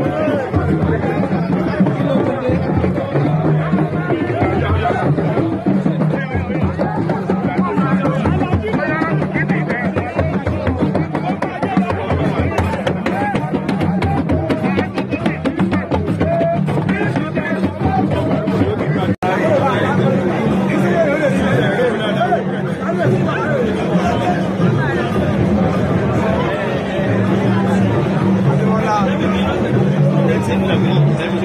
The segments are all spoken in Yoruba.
Hey! और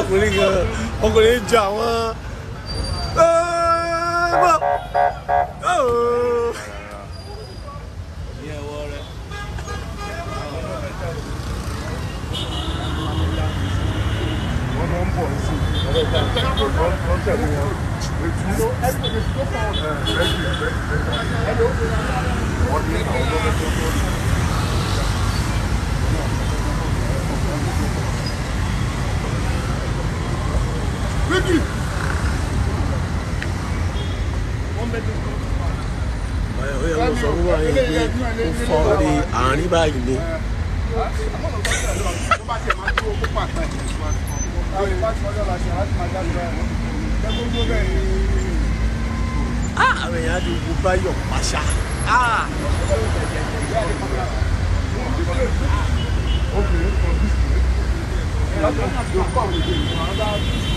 ọkùnrin gan ọkùnrin jọ àwọn. Thank you. ọ̀yà mo sọ fún wa yẹn pé ó fọ́ orí àárín báyìí ni. àwọn èèyàn á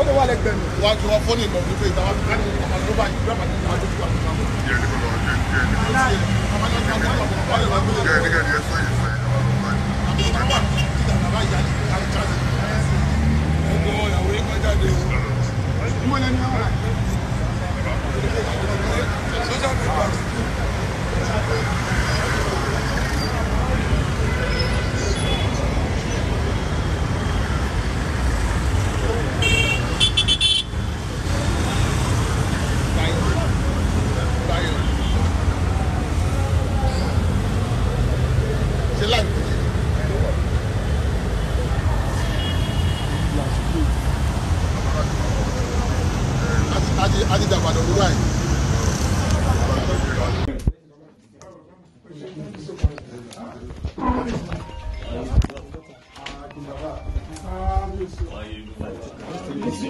ó lè wà lẹ́gbẹ̀ẹ́ mi. wá ju ọfọ ní ìlọ nípa ìdáwà tó káàdì ọmọ ló bá yìí bẹ́ẹ̀ bá ní ìdáwà tó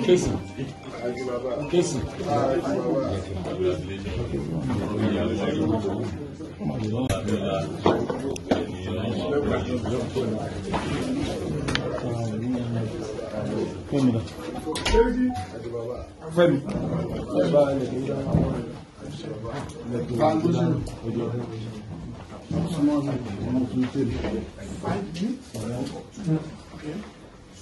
kéèsì kéèsì. Fẹ́mi. Fẹ́mi.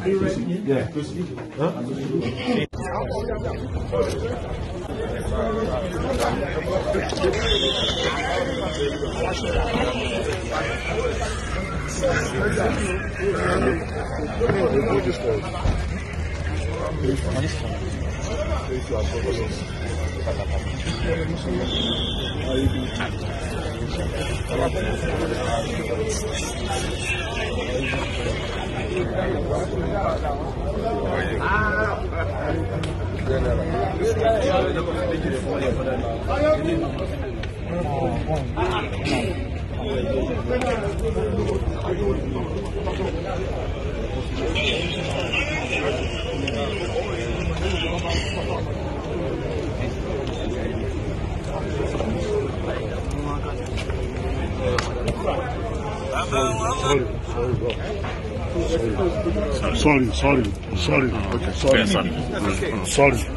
Are you ready? Yeah. Proceed. Huh? Aí, Sorry, sorry, sorry, okay, sorry, sorry.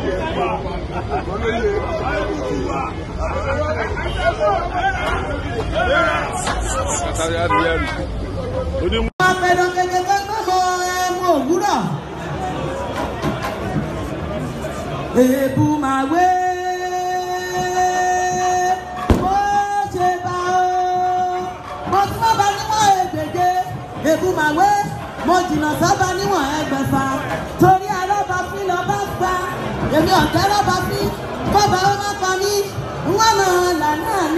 Apẹ̀rọ̀ kẹ̀kẹ́ tó gbọ́kọ̀ ẹmu òwúrọ̀. Èébú máa wé. Ó ṣe bá Mo tún bá ba níwọ̀n ègbèje. Èébú máa Mo jìnnà sábà níwọ̀n ẹgbẹ̀fà èmi ọ̀tẹ́rọ̀ bá fi kọ́ba ó má pa mí ń wọ́n mọ̀ là náà.